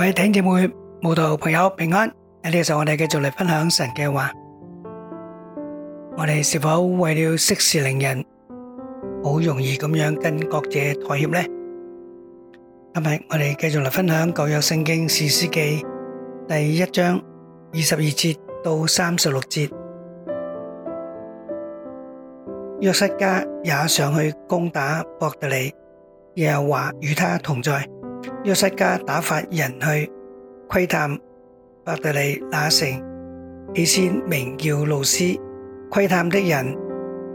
各位弟兄姊妹、慕道朋友平安！喺呢個時候，我哋繼續嚟分享神嘅話。我哋是否為了息事寧人，好容易咁樣跟國者妥協呢？今日我哋繼續嚟分享舊約聖經士師記第一章二十二節到三十六節。約瑟家也上去攻打伯特利，耶和華與他同在。約瑟家打發人去窺探伯特利那城，起先名叫路斯。窺探的人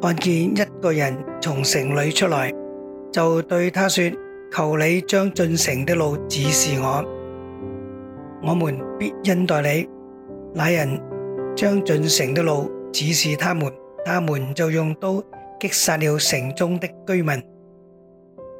看見一個人從城裏出來，就對他說：求你將進城的路指示我，我們必恩待你。那人將進城的路指示他們，他們就用刀擊殺了城中的居民。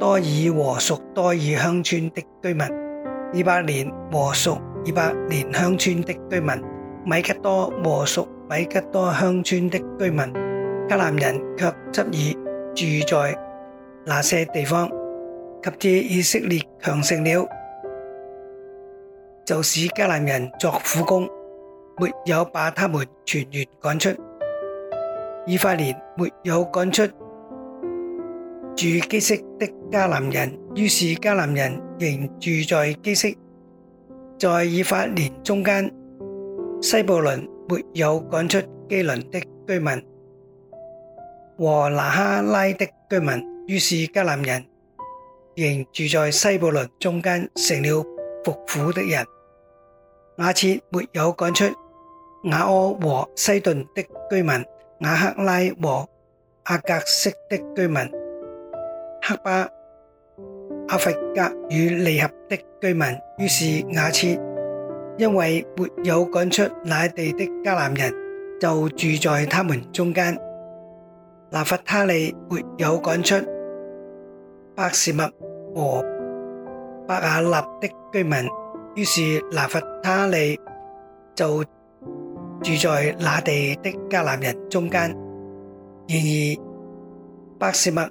多爾和屬多爾鄉村的居民，二百年和屬二百年鄉村的居民，米吉多和屬米吉多鄉村的居民，迦南人卻執意住在那些地方，及至以色列強盛了，就使迦南人作苦工，沒有把他們全員趕出，以法蓮沒有趕出。住基色的迦南人，於是迦南人仍住在基色，在以法蓮中間。西布倫沒有趕出基倫的居民和拿哈拉的居民，於是迦南人仍住在西布倫中間，成了服苦的人。亞設沒有趕出亞柯和西頓的居民，亞黑拉和亞革悉的居民。黑巴、亞弗革與利合的居民，於是亞設，因為沒有趕出那地的迦南人，就住在他們中間。拿弗他利沒有趕出伯示麥和伯亞納的居民，於是拿弗他利就住在那地的迦南人中間。然而伯示麥。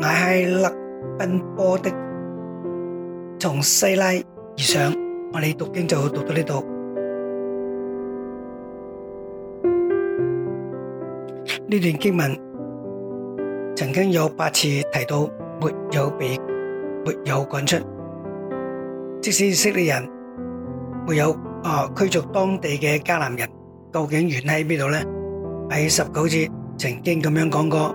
挨喺勒賓波的從西拉而上，我哋讀經就讀到呢度。呢段經文曾經有八次提到沒有被沒有趕出，即使以色列人沒有啊驅逐當地嘅迦南人，究竟原喺邊度呢？喺十九節曾經咁樣講過。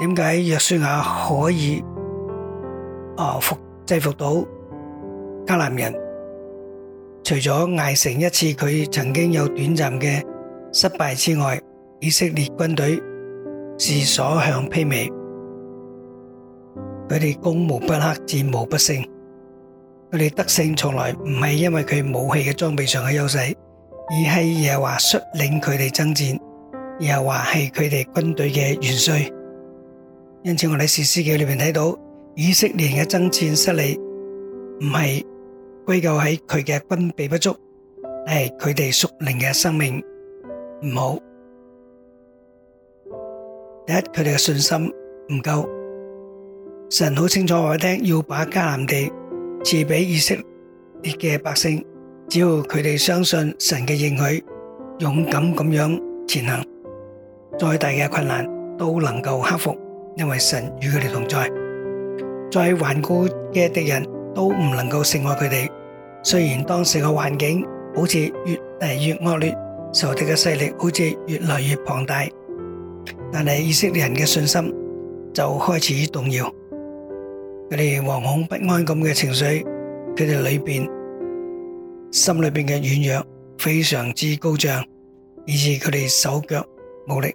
點解約書亞可以啊服制服到迦南人？除咗艾城一次佢曾經有短暫嘅失敗之外，以色列軍隊是所向披靡，佢哋攻無不克、戰無不勝。佢哋得勝從來唔係因為佢武器嘅裝備上嘅優勢，而係耶和華率領佢哋爭戰，又話係佢哋軍隊嘅元帥。因此，我哋喺士師記裏邊睇到以色列嘅爭戰失利，唔係歸咎喺佢嘅軍備不足，係佢哋屬靈嘅生命唔好。第一，佢哋嘅信心唔夠。神好清楚話俾聽，要把迦南地賜俾以色列嘅百姓，只要佢哋相信神嘅應許，勇敢咁樣前行，再大嘅困難都能夠克服。因為神與佢哋同在，再頑固嘅敵人都唔能夠勝過佢哋。雖然當時嘅環境好似越嚟越惡劣，仇敵嘅勢力好似越來越龐大，但係以色列人嘅信心就開始動搖。佢哋惶恐不安咁嘅情緒，佢哋裏邊心裏邊嘅軟弱非常之高漲，以至佢哋手腳無力。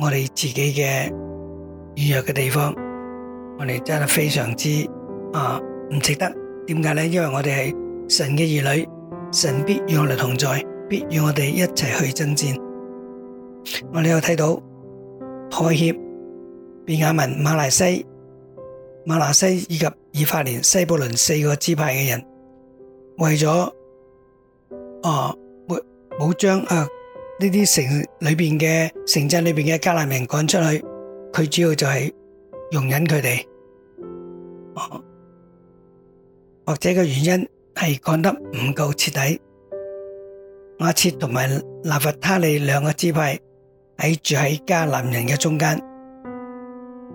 我哋自己嘅軟弱嘅地方，我哋真係非常之啊唔值得。點解呢？因為我哋係神嘅兒女，神必與我哋同在，必與我哋一齊去征戰。我哋又睇到，海協、便雅憫、馬來西、馬來西以及以法蓮、西布倫四個支派嘅人，為咗啊，沒冇將啊。呢啲城裏邊嘅城鎮裏邊嘅迦南人趕出去，佢主要就係容忍佢哋，或者嘅原因係趕得唔夠徹底。亞設同埋拿弗他利兩個支派喺住喺迦南人嘅中間，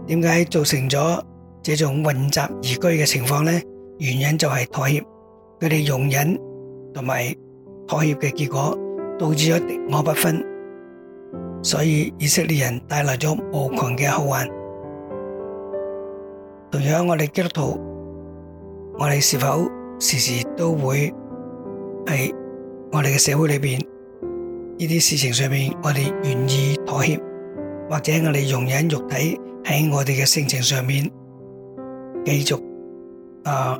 點解造成咗這種混雜而居嘅情況咧？原因就係妥協，佢哋容忍同埋妥協嘅結果。導致咗敵我不分，所以以色列人帶來咗無窮嘅後患。同樣，我哋基督徒，我哋是否時時都會喺我哋嘅社會裏面呢啲事情上面，我哋願意妥協，或者我哋容忍肉體喺我哋嘅性情上面繼續啊？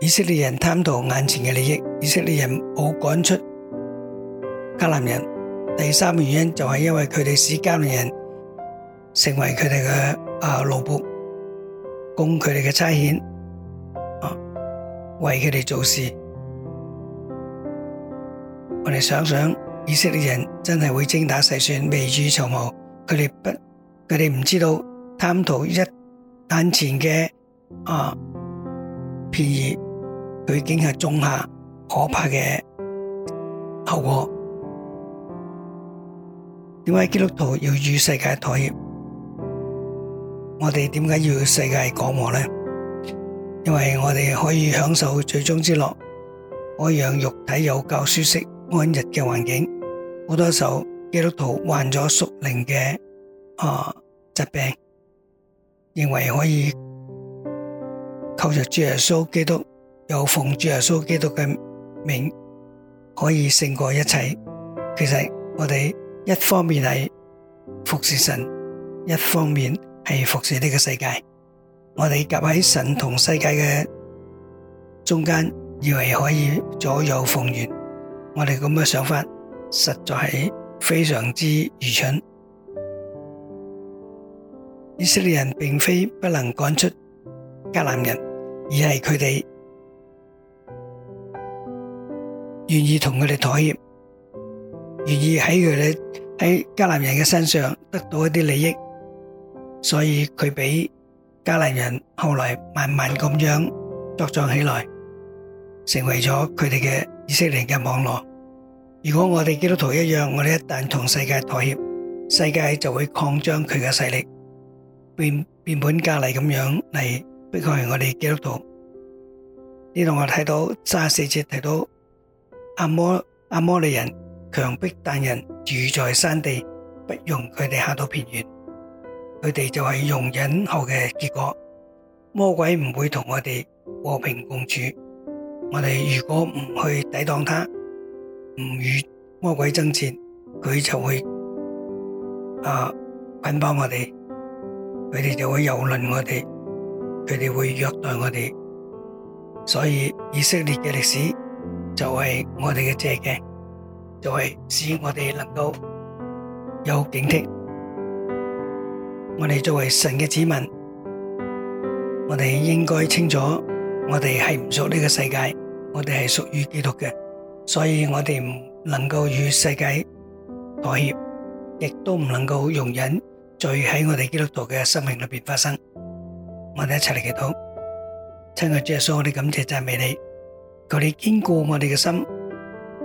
以色列人貪圖眼前嘅利益，以色列人冇趕出迦南人。第三個原因就係因為佢哋使迦南人成為佢哋嘅啊奴僕，供佢哋嘅差遣，啊為佢哋做事。我哋想想，以色列人真係會精打細算、未雨綢繆。佢哋不，佢哋唔知道貪圖一眼前嘅啊便宜。佢竟係種下可怕嘅後果。點解基督徒要與世界妥協？我哋點解要與世界講和呢？因為我哋可以享受最終之樂，可以讓肉體有較舒適安逸嘅環境。好多時候基督徒患咗宿靈嘅啊疾病，認為可以靠着主耶穌基督。又奉主耶穌基督嘅名可以勝過一切。其實我哋一方面係服侍神，一方面係服侍呢個世界。我哋夾喺神同世界嘅中間，以為可以左右逢源。我哋咁嘅想法實在係非常之愚蠢。以色列人並非不能趕出迦南人，而係佢哋。願意同佢哋妥協，願意喺佢哋喺迦南人嘅身上得到一啲利益，所以佢俾迦南人後來慢慢咁樣茁壯起來，成為咗佢哋嘅以色列嘅網絡。如果我哋基督徒一樣，我哋一旦同世界妥協，世界就會擴張佢嘅勢力，變變本加厲咁樣嚟逼害我哋基督徒。呢度我睇到三十四節提到。阿摩，阿摩利人強迫但人住在山地，不容佢哋下到平原。佢哋就係容忍後嘅結果。魔鬼唔會同我哋和平共處，我哋如果唔去抵擋他，唔與魔鬼爭戰，佢就會啊捆綁我哋，佢哋就會蹂躪我哋，佢哋會虐待我哋。所以以色列嘅歷史，就係我哋嘅借鏡，就係使我哋能夠有警惕。我哋作為神嘅子民，我哋應該清楚，我哋係唔屬呢個世界，我哋係屬於基督嘅。所以我哋唔能夠與世界妥協，亦都唔能夠容忍罪喺我哋基督徒嘅生命裏面發生。我哋一齊嚟祈禱，親愛嘅耶穌，我哋感謝讚美你。求你堅固我哋嘅心，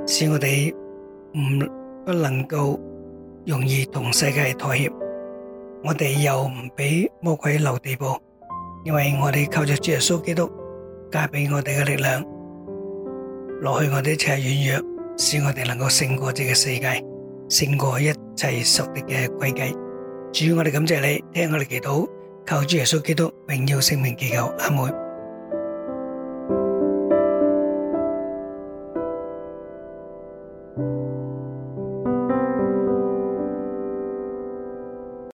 使我哋唔不能夠容易同世界妥協，我哋又唔俾魔鬼留地步，因為我哋靠着主耶穌基督加俾我哋嘅力量，落去我哋一切軟弱，使我哋能夠勝過這個世界，勝過一切屬敵嘅詭計。主，我哋感謝你，聽我哋祈禱，靠主耶穌基督榮耀聖名，祈求阿們。